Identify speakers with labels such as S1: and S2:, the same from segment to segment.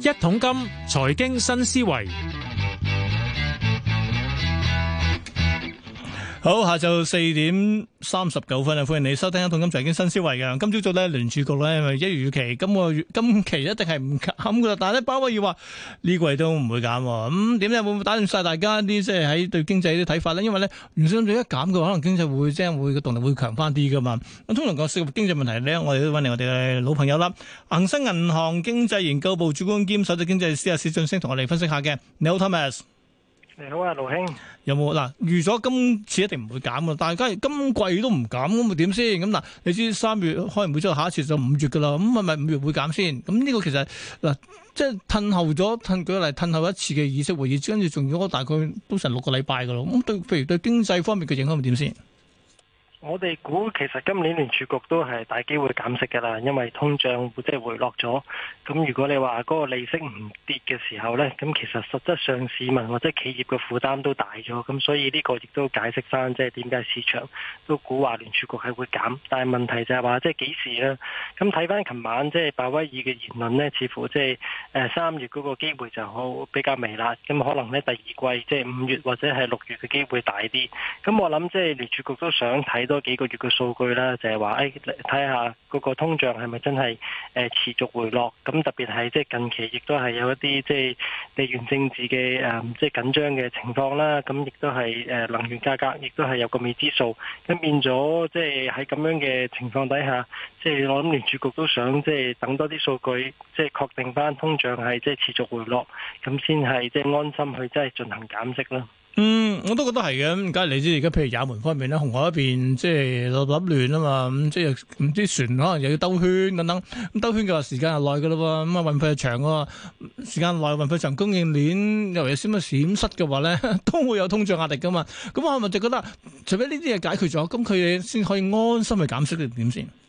S1: 一桶金，財經新思維。好，下晝四點三十九分啊！歡迎你收聽一《通金財經新思維》噶。今朝早咧，聯儲局咧係一如預期，今個月今期一定係唔減噶啦。但係咧，鮑威爾話呢季都唔會減，咁點解會唔會打亂晒大家啲即係喺對經濟啲睇法咧？因為咧，唔想一減佢，可能經濟會即係會個動力會強翻啲噶嘛。咁通常講經濟問題咧，我哋都搵嚟我哋嘅老朋友啦，恒生銀行經濟研究部主管兼首席經濟師阿薛俊昇同我哋分析下嘅，你好，Thomas。你好啊，盧兄。有冇嗱，預咗今次一定唔會減嘅，但係假如今季都唔減咁，咪點先？咁嗱，你知三月開完會之後，下一次就五月噶啦。咁係咪五月會減先？咁呢個其實嗱，即係褪後咗，褪舉嚟褪後一次嘅議息會議，跟住仲要大概都成六個禮拜噶啦。咁，對，譬如對經濟方面嘅影響，咪點先？
S2: 我哋估其實今年聯儲局都係大機會減息噶啦，因為通脹即係回落咗。咁如果你話嗰個利息唔跌嘅時候咧，咁其實實質上市民或者企業嘅負擔都大咗。咁所以呢個亦都解釋翻，即係點解市場都估話聯儲局係會減，但係問題就係話即係幾時咧？咁睇翻琴晚即係鮑威爾嘅言論咧，似乎即係誒三月嗰個機會就好比較微啦，咁可能咧第二季即係五月或者係六月嘅機會大啲。咁我諗即係聯儲局都想睇到。多幾個月嘅數據啦，就係話誒，睇下嗰個通脹係咪真係誒持續回落？咁特別係即係近期亦都係有一啲即係地緣政治嘅誒，即係緊張嘅情況啦。咁亦都係誒能源價格，亦都係有個未知數。咁變咗即係喺咁樣嘅情況底下，即係我諗聯儲局都想即係等多啲數據，即係確定翻通脹係即係持續回落，咁先係即係安心去即係進行減息啦。
S1: 嗯，我都覺得係嘅，咁梗係你知而家譬如也門方面咧，紅海一邊即係立立亂啊嘛，咁即係唔知船可能又要兜圈等等，咁兜圈嘅話時間又耐噶咯噃，咁啊運費又長，時間耐，運費長，供應鏈又爲有啲乜閃失嘅話咧，都會有通脹壓力噶嘛，咁我咪就覺得，除非呢啲嘢解決咗，咁佢哋先可以安心去減息嘅點先。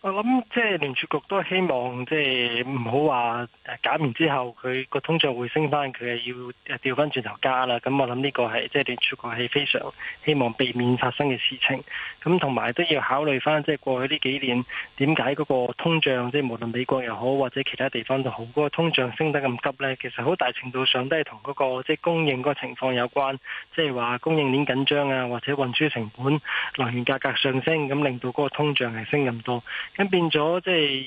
S2: 我諗即係聯儲局都希望即係唔好話減完之後佢個通脹會升翻，佢係要調翻轉頭加啦。咁我諗呢個係即係聯儲局係非常希望避免發生嘅事情。咁同埋都要考慮翻，即係過去呢幾年點解嗰個通脹，即係無論美國又好或者其他地方都好，嗰個通脹升得咁急呢？其實好大程度上都係同嗰個即係供應嗰個情況有關，即係話供應鏈緊張啊，或者運輸成本、能源價格上升，咁令到嗰個通脹係升咁多。咁變咗即係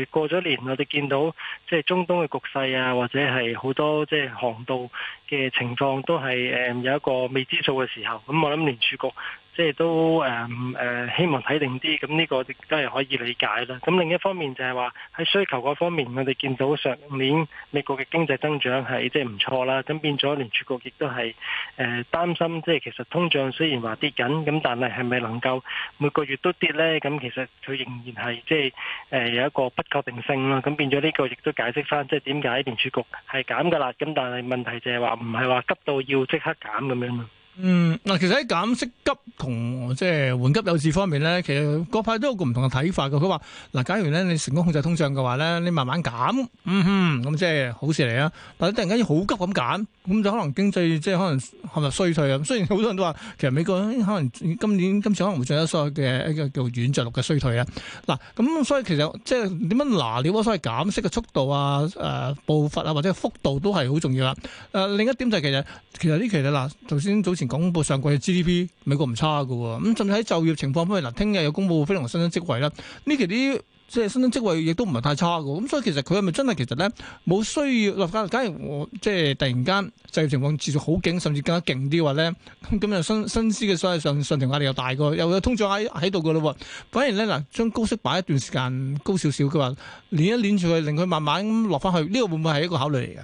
S2: 誒過咗年，我哋見到即係、就是、中東嘅局勢啊，或者係好多即係航道嘅情況都係誒、呃、有一個未知數嘅時候，咁、嗯、我諗聯儲局。即係都誒誒、嗯呃，希望睇定啲，咁、這、呢個亦都係可以理解啦。咁另一方面就係話喺需求嗰方面，我哋見到上年美國嘅經濟增長係即係唔錯啦。咁、就是、變咗聯儲局亦都係誒擔心，即係其實通脹雖然話跌緊，咁但係係咪能夠每個月都跌呢？咁其實佢仍然係即係誒有一個不確定性咯。咁變咗呢個亦都解釋翻，即係點解聯儲局係減㗎啦？咁但係問題就係話唔係話急到要即刻減咁樣啊。
S1: 嗯，嗱，其實喺減息急同即係緩急有致方面咧，其實各派都有個唔同嘅睇法嘅。佢話：嗱，假如咧你成功控制通脹嘅話咧，你慢慢減，咁、嗯、即係好事嚟啊！但係突然間要好急咁減，咁就可能經濟即係可能係咪衰退啊？雖然好多人都話，其實美國可能今年今次可能唔再有所謂嘅一個叫軟着陸嘅衰退啊。嗱，咁所以其實即係點樣拿捏？所謂減息嘅速度啊、誒、呃、步伐啊或者幅度都係好重要啦。誒、呃、另一點就係、是、其實其實呢期嘅嗱，頭、呃、先早前。早前公布上季嘅 GDP，美國唔差㗎，咁甚至喺就業情況方面，嗱，聽日有公布非常新增職位啦。呢期啲即係新增職位亦都唔係太差㗎，咁所以其實佢係咪真係其實咧冇需要立，假如我即係突然間就業情況持續好勁，甚至更加勁啲話咧，咁咁又新新施嘅所以上上調壓力又大過，又有通脹喺喺度㗎嘞喎。反而咧嗱，將高息擺一段時間高少少嘅話，攣一攣住佢，令佢慢慢落翻去，呢個會唔會係一個考慮嚟㗎？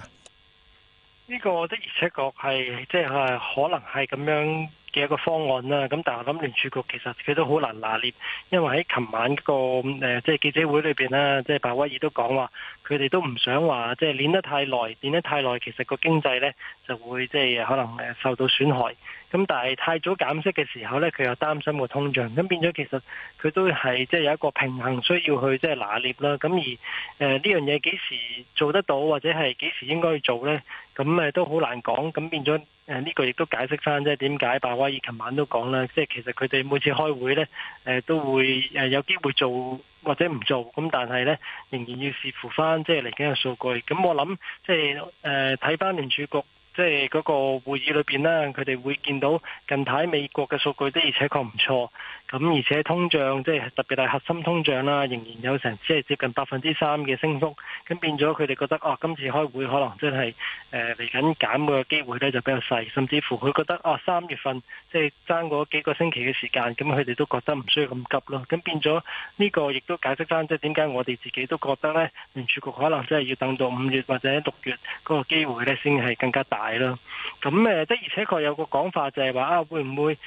S2: 呢個的而且確係即係可能係咁樣嘅一個方案啦。咁但係我諗聯儲局其實佢都好難拿捏，因為喺琴晚個誒即係記者會裏邊啦，即係鮑威爾都講話，佢哋都唔想話即係攣得太耐，攣得太耐其實個經濟呢就會即係可能誒受到損害。咁但係太早減息嘅時候呢，佢又擔心個通脹。咁變咗其實佢都係即係有一個平衡需要去即係拿捏啦。咁而誒呢樣嘢幾時做得到，或者係幾時應該去做呢？咁誒都好難講，咁變咗誒呢個亦都解釋翻即係點解，鮑威爾琴晚都講啦，即係其實佢哋每次開會咧，誒都會誒有機會做或者唔做，咁但係咧仍然要視乎翻即係嚟緊嘅數據。咁我諗即係誒睇翻聯儲局。即係嗰個會議裏邊啦，佢哋會見到近排美國嘅數據的而且確唔錯。咁而且通脹即係特別係核心通脹啦，仍然有成即係接近百分之三嘅升幅。咁變咗佢哋覺得，哦、啊、今次開會可能真係誒嚟緊減嘅機會呢就比較細，甚至乎佢覺得，哦、啊、三月份即係爭嗰幾個星期嘅時間，咁佢哋都覺得唔需要咁急咯。咁變咗呢個亦都解釋翻即係點解我哋自己都覺得呢，聯儲局可能真係要等到五月或者六月嗰個機會呢先係更加大。係咯，咁誒、嗯，的而且確有個講法就係話啊，會唔會誒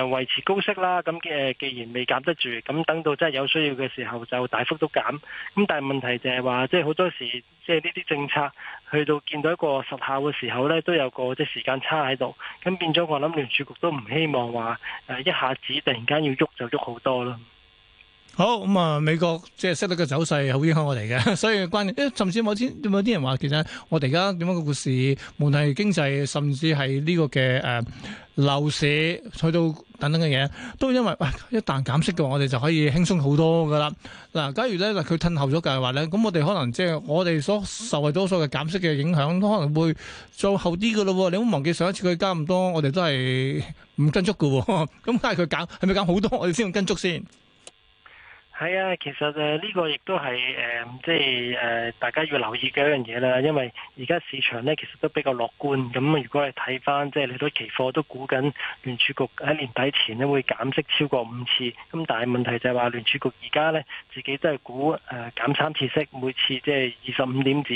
S2: 維、呃、持高息啦？咁誒，既然未減得住，咁等到真係有需要嘅時候就大幅都減。咁但係問題就係話，即係好多時，即係呢啲政策去到見到一個實效嘅時候呢都有個即係時間差喺度。咁變咗我諗聯儲局都唔希望話誒一下子突然間要喐就喐好多啦。
S1: 好咁啊、嗯，美國即係息率嘅走勢好影響我哋嘅，所以關係。甚至某啲有啲人話其實我哋而家點樣嘅股市，無論係經濟，甚至係呢個嘅誒樓市去到等等嘅嘢，都因為喂、哎、一旦減息嘅話，我哋就可以輕鬆好多噶啦。嗱、啊，假如咧佢褪後咗嘅話咧，咁我哋可能即係我哋所受惠多數嘅減息嘅影響，都可能會再後啲嘅咯。你唔好忘記上一次佢加咁多，我哋都係唔跟足嘅。咁、嗯、但係佢減，係咪減好多我哋先用跟足先？
S2: 係啊，其實誒呢個亦都係誒即係誒大家要留意嘅一樣嘢啦，因為而家市場呢，其實都比較樂觀。咁如果係睇翻，即係你都期貨都估緊聯儲局喺年底前呢會減息超過五次。咁但係問題就係話聯儲局而家呢，自己都係估誒減三次息，每次即係二十五點子。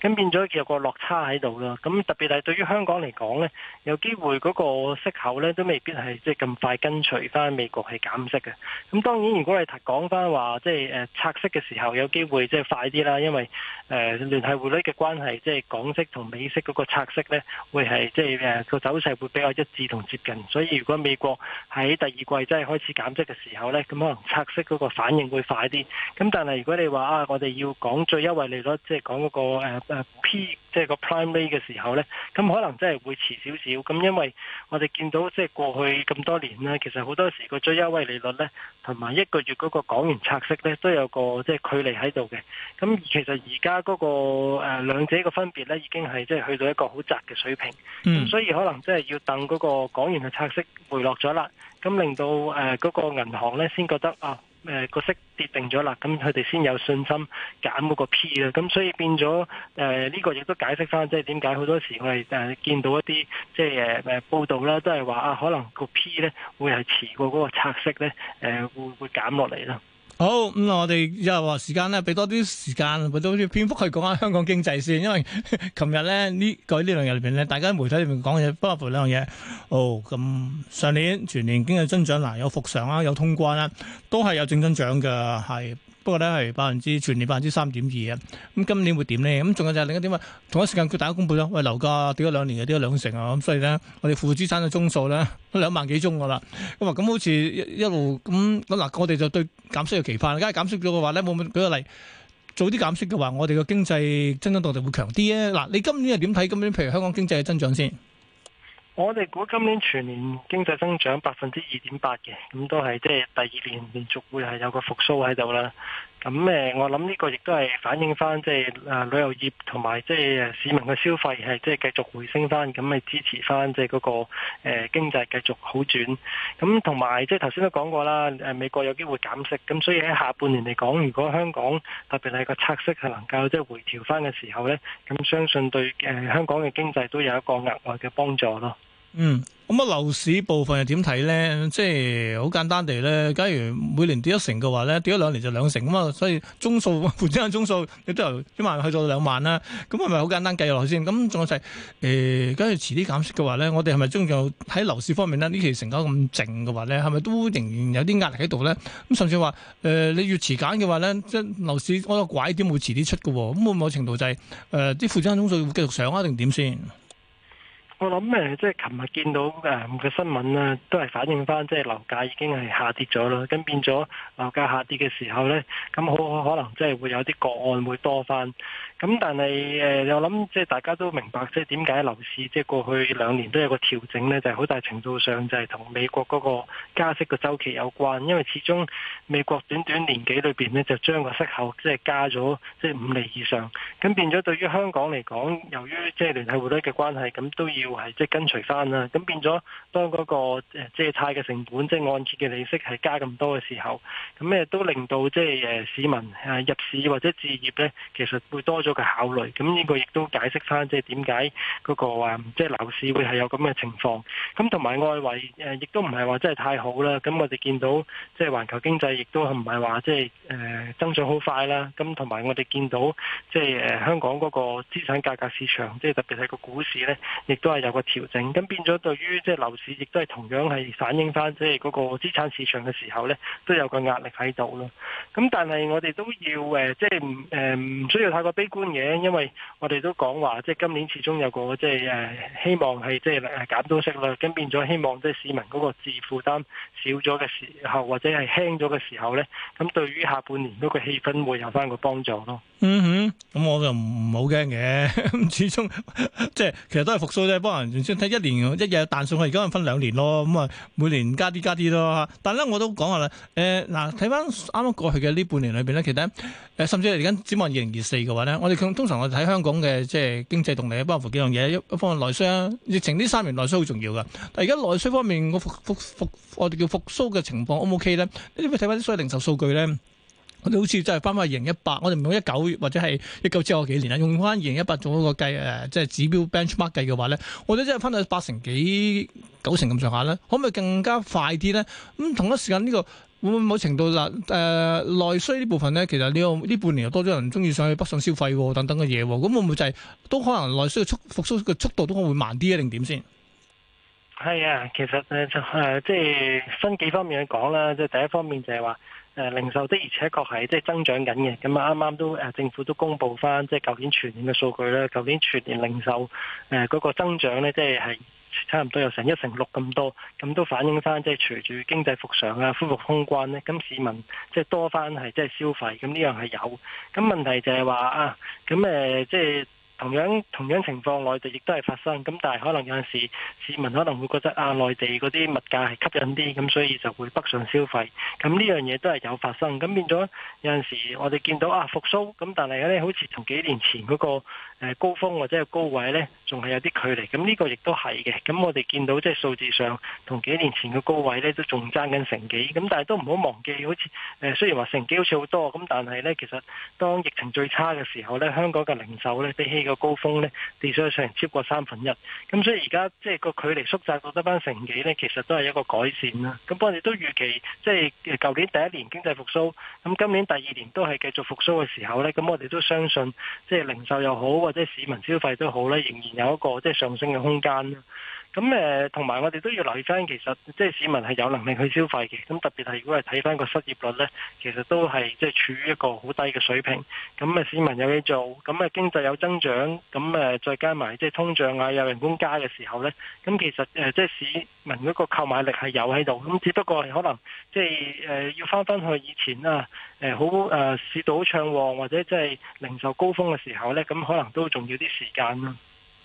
S2: 咁變咗有個落差喺度咯。咁特別係對於香港嚟講呢，有機會嗰個息口呢都未必係即係咁快跟隨翻美國去減息嘅。咁當然，如果你講翻。都話即係誒拆息嘅時候有機會即係快啲啦，因為誒、呃、聯繫匯率嘅關係，即係港息同美息嗰個拆息咧，會係即係誒個走勢會比較一致同接近。所以如果美國喺第二季真係開始減息嘅時候咧，咁可能拆息嗰個反應會快啲。咁但係如果你話啊，我哋要講最優惠利率，即係講嗰個誒、呃呃呃、P。即係個 prime rate 嘅時候呢，咁可能真係會遲少少，咁因為我哋見到即係過去咁多年呢，其實好多時個最優惠利率呢，同埋一個月嗰個港元拆息呢，都有個即係距離喺度嘅。咁其實而家嗰個誒兩者嘅分別呢，已經係即係去到一個好窄嘅水平。咁所以可能真係要等嗰個港元嘅拆息回落咗啦，咁令到誒嗰個銀行呢先覺得啊。誒個息跌定咗啦，咁佢哋先有信心減嗰個 P 啦，咁所以變咗誒呢個亦都解釋返，即係點解好多時我哋誒見到一啲即係誒誒報道啦，都係話啊，可能個 P 咧會係遲過嗰個拆息咧誒會會減落嚟咯。
S1: 好，咁、嗯、我哋又話時間咧，俾多啲時間，俾多啲篇幅去講下香港經濟先，因為琴 日咧呢個呢兩日裏邊咧，大家媒體裏邊講嘅嘢，不外乎兩樣嘢。哦，咁、嗯、上年全年經濟增長嗱、啊，有復常啦，有通關啦、啊，都係有正增長嘅係。不過咧係百分之全年百分之三點二啊，咁今年會點呢？咁仲有就係另一點，同一時間佢大家公布咯。喂，樓價跌咗兩年嘅，跌咗兩成啊！咁所以咧，我哋負資產嘅宗數咧都兩萬幾宗噶啦。咁啊，咁好似一路咁嗱，我哋就對減息嘅期盼。梗係減息咗嘅話咧，冇冇舉個例，早啲減息嘅話，我哋嘅經濟增長動力會強啲啊！嗱，你今年係點睇今年譬如香港經濟嘅增長先？
S2: 我哋估今年全年經濟增長百分之二點八嘅，咁都係即係第二年連續會係有個復甦喺度啦。咁誒，我諗呢個亦都係反映翻，即係誒旅遊業同埋即係誒市民嘅消費係即係繼續回升翻，咁咪支持翻即係嗰個誒經濟繼續好轉。咁同埋即係頭先都講過啦，誒美國有機會減息，咁所以喺下半年嚟講，如果香港特別係個拆息係能夠即係回調翻嘅時候咧，咁相信對誒香港嘅經濟都有一個額外嘅幫助咯。
S1: 嗯，咁啊，樓市部分又點睇咧？即係好簡單地咧，假如每年跌一成嘅話咧，跌一兩年就兩成咁啊，所以宗數負資產宗數，你都由一萬去到兩萬啦、啊。咁係咪好簡單計落去先？咁仲有就係、是、誒、呃，假如遲啲減息嘅話咧，我哋係咪仲有喺樓市方面呢？呢期成交咁靜嘅話咧，係咪都仍然有啲壓力喺度咧？咁甚至話誒、呃，你越遲減嘅話咧，即係樓市嗰個拐點會遲啲出嘅，咁會唔會程度就係、是、誒，啲負資產宗數會繼續上啊，定點先？
S2: 我諗誒，即係琴日見到誒嘅新聞咧，都係反映翻即係樓價已經係下跌咗啦。咁變咗樓價下跌嘅時候咧，咁好可能即係會有啲個案會多翻。咁但係誒，我諗即係大家都明白，即係點解樓市即係過去兩年都有個調整咧，就係好大程度上就係同美國嗰個加息嘅周期有關。因為始終美國短短年幾裏邊咧，就將個息口即係加咗即係五厘以上。咁變咗對於香港嚟講，由於即係聯繫匯率嘅關係，咁都要。係即係跟隨翻啦，咁變咗當嗰、那個誒、呃、即係借貸嘅成本，即係按揭嘅利息係加咁多嘅時候，咁亦都令到即係誒市民誒入市或者置業咧，其實會多咗嘅考慮。咁呢個亦都解釋翻、那個嗯、即係點解嗰個話即係樓市會係有咁嘅情況。咁同埋外圍誒亦都唔係話真係太好啦。咁我哋見到即係環球經濟亦都唔係話即係誒增長好快啦。咁同埋我哋見到即係誒香港嗰個資產價格市場，即、就、係、是、特別係個股市咧，亦都係。有個調整，咁變咗對於即係樓市亦都係同樣係反映翻即係嗰個資產市場嘅時候咧，都有個壓力喺度咯。咁但係我哋都要誒，即係誒唔需要太過悲觀嘅，因為我哋都講話即係今年始終有個即係誒希望係即係減多息啦，咁變咗希望即係市民嗰個自負擔少咗嘅時候，或者係輕咗嘅時候咧，咁對於下半年嗰個氣氛會有翻個幫助咯。嗯哼，
S1: 咁我就唔好驚嘅，咁 始終即係其實都係復甦啫。幫人原先睇一年一日彈數，我而家可能分兩年咯。咁啊，每年加啲加啲咯。但係咧，我都講下啦。誒、呃、嗱，睇翻啱啱過去嘅呢半年裏邊咧，其實咧、呃，甚至係而家展望二零二四嘅話咧，我哋通常我哋睇香港嘅即係經濟動力，包括幾樣嘢，一一方面內需啊，疫情呢三年內需好重要㗎。但係而家內需方面個復復復，我哋叫復甦嘅情況 O 唔 O K 咧？你點睇翻啲所謂零售數據咧？我好似真係翻翻二零一八，我哋唔用一九或者係一九之後幾年啦，用翻二零一八做一個計誒，即、呃、係、就係、指標 benchmark 計嘅話咧，我哋真係翻到八成幾、九成咁上下啦。可唔可以更加快啲咧？咁、嗯、同一時間呢、呢個會唔會某程度嗱誒內需呢部分咧？其實呢呢半年又多咗人中意上去北上消費、哦、等等嘅嘢、哦，咁會唔會就係、係、都可能內需嘅速復甦嘅速度都可能會慢啲啊？定點先？
S2: 係啊，其實誒、呃、就誒即係分幾方面去講啦。即係第一方面就係話。誒零售的，而且確係即係增長緊嘅。咁啊，啱啱都誒政府都公布翻，即係舊年全年嘅數據啦。舊年全年零售誒嗰個增長咧，即係係差唔多有成一成六咁多。咁都反映翻，即係隨住經濟復常啊，恢復通關咧，咁市民即係多翻係即係消費。咁呢樣係有。咁問題就係話啊，咁誒即係。呃就是同樣同樣情況，內地亦都係發生。咁但係可能有陣時，市民可能會覺得啊，內地嗰啲物價係吸引啲，咁所以就會北上消費。咁呢樣嘢都係有發生。咁變咗有陣時，我哋見到啊復甦。咁但係咧，好似從幾年前嗰個。誒高峰或者係高位呢，仲係有啲距離。咁呢個亦都係嘅。咁我哋見到即係數字上同幾年前嘅高位呢，都仲爭緊成幾。咁但係都唔好忘記，好似誒雖然話成幾好似好多，咁但係呢，其實當疫情最差嘅時候呢，香港嘅零售呢比起個高峰呢，跌咗成超過三分一。咁所以而家即係個距離縮窄到得翻成幾呢，其實都係一個改善啦。咁我哋都預期，即係誒舊年第一年經濟復甦，咁今年第二年都係繼續復甦嘅時候呢。咁我哋都相信即係、就是、零售又好即係市民消費都好咧，仍然有一個即係上升嘅空間。咁誒，同埋我哋都要留意翻，其實即係市民係有能力去消費嘅。咁特別係如果係睇翻個失業率呢，其實都係即係處於一個好低嘅水平。咁啊，市民有嘢做，咁啊，經濟有增長，咁誒再加埋即係通脹啊，有人工加嘅時候呢，咁其實誒即係市民嗰個購買力係有喺度。咁只不過係可能即係誒、呃、要翻翻去以前啊，誒好誒市道好暢旺，或者即係零售高峰嘅時候呢，咁可能都仲要啲時間啦。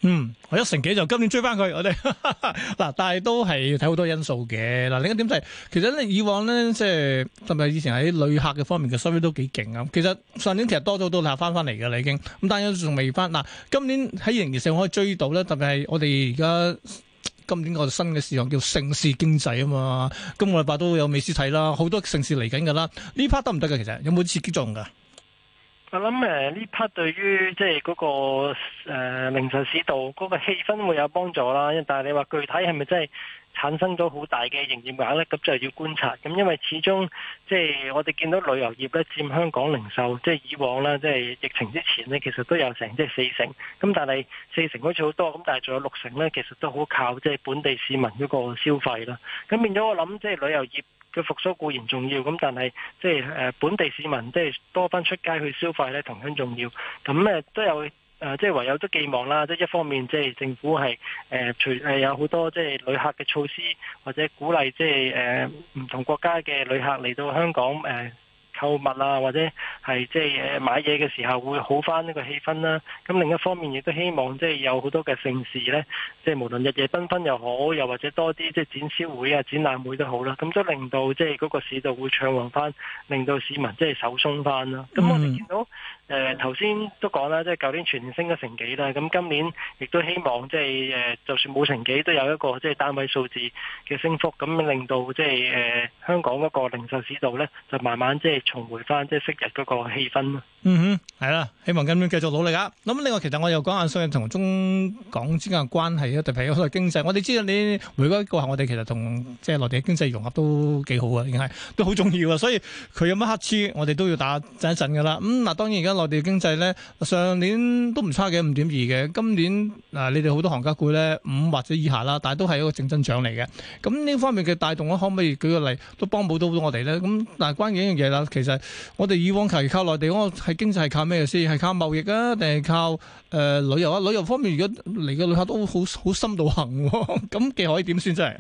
S1: 嗯，我一成幾就今年追翻佢，我哋嗱，但係都係睇好多因素嘅。嗱，另一點就係、是，其實咧以往，咧即係特別以前喺旅客嘅方面嘅收益都幾勁啊。其實上年其實多咗好多旅客翻翻嚟噶啦，已經咁，但係仲未翻。嗱，今年喺二零二四可以追到咧，特別係我哋而家今年個新嘅市場叫盛事經濟啊嘛。今個禮拜都有美斯睇啦，好多盛事嚟緊噶啦。呢 part 得唔得噶？其實行行有冇刺激作用噶？
S2: 我諗誒呢 part 對於即係嗰個誒零售市道嗰個氣氛會有幫助啦，但係你話具體係咪真係產生咗好大嘅營業額呢？咁就要觀察。咁因為始終即係我哋見到旅遊業咧佔香港零售，即係以往啦，即係疫情之前呢，其實都有成即係四成。咁但係四成好似好多，咁但係仲有六成呢，其實都好靠即係本地市民嗰個消費啦。咁變咗我諗，即係旅遊業。嘅復甦固然重要，咁但係即係誒本地市民即係多番出街去消費咧同樣重要，咁誒都有誒即係唯有都寄望啦，即係一方面即係政府係誒呃除誒有好多即係旅客嘅措施，或者鼓勵即係誒唔同國家嘅旅客嚟到香港誒。呃購物啊，或者係即係買嘢嘅時候，會好翻呢個氣氛啦。咁另一方面，亦都希望即係有好多嘅盛事呢，即係無論日夜繽紛又好，又或者多啲即係展銷會啊、展覽會都好啦。咁都令到即係嗰個市道會暢旺翻，令到市民即係手鬆翻啦。咁我哋見到。誒頭先都講啦，即係舊年全年升咗成幾啦，咁今年亦都希望即係誒，就算冇成幾，都有一個即係單位數字嘅升幅，咁令到即係誒、呃、香港嗰個零售市道咧，就慢慢即係重回返即係昔日嗰個氣氛咯。
S1: 嗯哼，係啦，希望今年繼續努力啊。咁另外其實我又講下，相對同中港之間嘅關係咧，特別係經濟。我哋知道你回歸過後，我哋其實同即係內地嘅經濟融合都幾好嘅，已經係都好重要啊。所以佢有乜乞嗤，我哋都要打震一陣㗎啦。咁、嗯、嗱，當然而家。內地經濟咧，上年都唔差嘅，五點二嘅，今年啊、呃、你哋好多行家估咧，五或者以下啦，但係都係一個正增長嚟嘅。咁呢方面嘅帶動咧，可唔可以舉個例都幫補到到我哋咧？咁但係關鍵一樣嘢啦，其實我哋以往係靠內地，個係經濟係靠咩先？係靠貿易啊，定係靠誒、呃、旅遊啊？旅遊方面如果嚟嘅旅客都好好深度行，咁 嘅可以點算真係？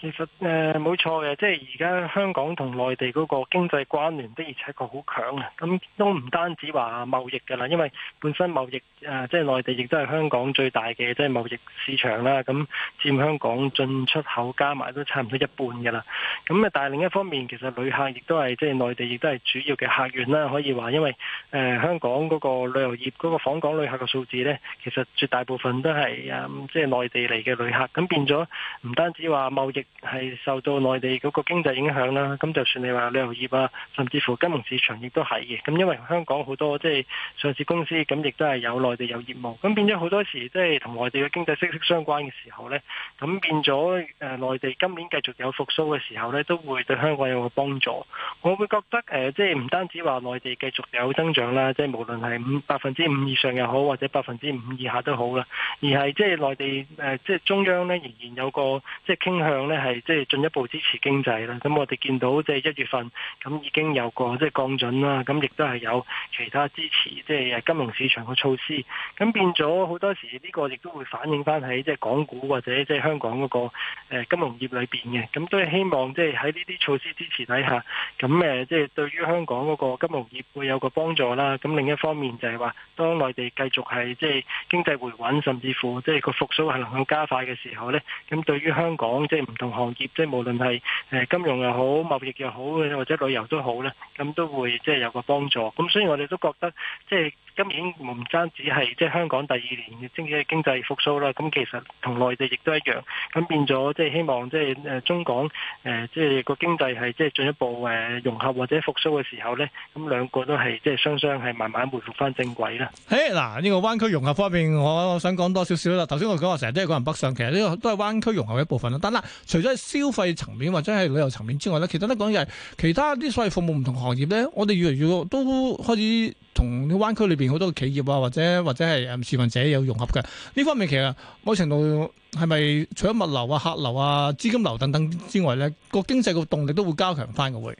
S2: 其實誒冇、呃、錯嘅，即係而家香港同內地嗰個經濟關聯的，而且確好強啊！咁都唔單止話貿易㗎喇，因為本身貿易誒即係內地亦都係香港最大嘅即係貿易市場啦。咁佔香港進出口加埋都差唔多一半㗎喇。咁誒，但係另一方面，其實旅客亦都係即係內地亦都係主要嘅客源啦。可以話因為誒、呃、香港嗰個旅遊業嗰個訪港旅客嘅數字呢，其實絕大部分都係啊即係內地嚟嘅旅客。咁變咗唔單止話貿易。係受到內地嗰個經濟影響啦，咁就算你話旅遊業啊，甚至乎金融市場亦都係嘅。咁因為香港好多即係上市公司，咁亦都係有內地有業務，咁變咗好多時即係同內地嘅經濟息息相關嘅時候呢，咁變咗誒內地今年繼續有復甦嘅時候呢，都會對香港有個幫助。我會覺得誒，即係唔單止話內地繼續有增長啦，即係無論係五，百分之五以上又好，或者百分之五以下都好啦，而係即係內地誒，即係中央呢，仍然有個即係傾向呢。係即係進一步支持經濟啦，咁我哋見到即係一月份咁已經有個即係降準啦，咁亦都係有其他支持即係金融市場嘅措施，咁變咗好多時呢個亦都會反映翻喺即係港股或者即係香港嗰個。誒金融業裏邊嘅，咁都係希望即係喺呢啲措施支持底下，咁誒即係對於香港嗰個金融業會有個幫助啦。咁另一方面就係話，當內地繼續係即係經濟回穩，甚至乎即係個復甦係能夠加快嘅時候呢，咁對於香港即係唔同行業，即係無論係誒金融又好、貿易又好，或者旅遊都好呢，咁都會即係有個幫助。咁所以我哋都覺得，即係今年唔單止係即係香港第二年嘅經濟經濟復甦啦。咁其實同內地亦都一樣，咁變咗就係即係希望，即係誒中港誒，即係個經濟係即係進一步誒融合或者復甦嘅時候咧，咁兩個都係即係雙雙係慢慢回復翻正軌啦。
S1: 誒嗱，呢個灣區融合方面，我想講多少少啦。頭先我講話成日都係講人北上，其實呢個都係灣區融合嘅一部分啦。但嗱，除咗消費層面或者係旅遊層面之外咧，其他咧講，就係其他啲所謂服務唔同行業咧，我哋越嚟越都開始同啲灣區裏邊好多企業啊，或者或者係誒市民者有融合嘅呢方面。其實某程度。係咪除咗物流啊、客流啊、資金流等等之外咧，個經濟個動力都會加強翻嘅會。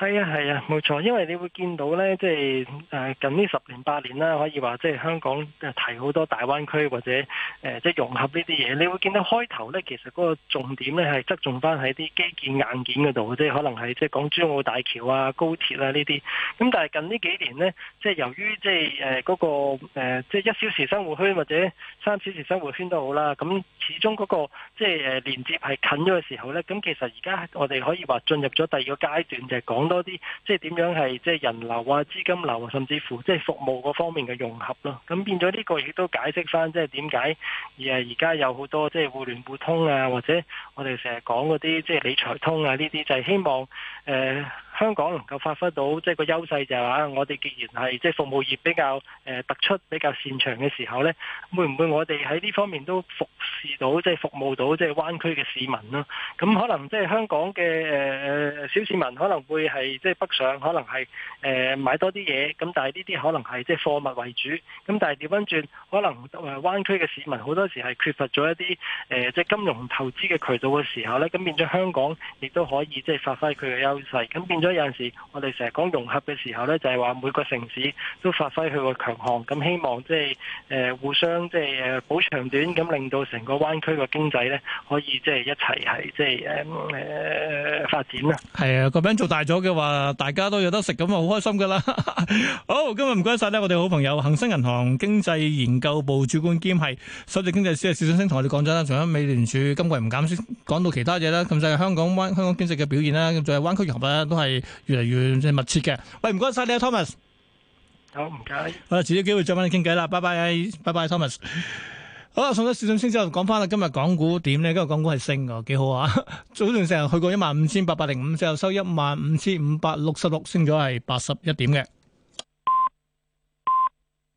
S2: 係啊，係啊，冇錯。因為你會見到咧，即係誒近呢十年八年啦，可以話即係香港提好多大灣區或者誒即係融合呢啲嘢。你會見到開頭咧，其實嗰個重點咧係側重翻喺啲基建硬件嗰度即啫，可能係即係港珠澳大橋啊、高鐵啊呢啲。咁但係近呢幾年咧，即係由於即係誒嗰個即係、誒即係、一小時生活圈或者三小時生活圈都好啦。咁始終嗰、嗰個即係誒連接係近咗嘅時候咧，咁其實而家我哋可以話進入咗第二個階段，就係講。多啲，即係點樣係即係人流啊、資金流啊，甚至乎即係服務嗰方面嘅融合咯、啊。咁變咗呢個亦都解釋翻即係點解而係而家有好多即係互聯互通啊，或者我哋成日講嗰啲即係理財通啊呢啲，就係希望誒、呃、香港能夠發揮到即係個優勢，就係話、啊、我哋既然係即係服務業比較誒、呃、突出、比較擅長嘅時候咧，會唔會我哋喺呢方面都服侍到，即、就、係、是、服務到即係灣區嘅市民咯、啊，咁可能即係香港嘅誒、呃、小市民可能會係。係即係北上，可能係誒、呃、買多啲嘢，咁但係呢啲可能係即係貨物為主，咁但係調翻轉，可能誒灣區嘅市民好多時係缺乏咗一啲誒即係金融投資嘅渠道嘅時候咧，咁變咗香港亦都可以即係、就是、發揮佢嘅優勢，咁變咗有陣時我哋成日講融合嘅時候咧，就係、是、話每個城市都發揮佢個強項，咁希望即係誒互相即係誒補長短，咁令到成個灣區嘅經濟咧可以即係一齊係即係誒誒發展啊，
S1: 係啊，個餅做大咗。嘅話，大家都有得食咁啊，好開心噶啦！ 好，今日唔該晒咧，我哋好朋友恒生銀行經濟研究部主管兼係首席經濟師薛俊昇同我哋講咗啦，除咗美聯儲今季唔減息，講到其他嘢啦，咁就係香港灣香港經濟嘅表現啦，咁就係灣區融合咧都係越嚟越密切嘅。喂，唔該晒你啊，Thomas。好，唔該。好啦，遲啲機會再搵你傾偈啦，拜拜，拜拜，Thomas。好啦，上咗市進先之後，講翻啦，今日港股點咧？今日港股係升嘅，幾好啊！早段成日去過一萬五千八百零五，之後收一萬五千五百六十六，升咗係八十一點嘅。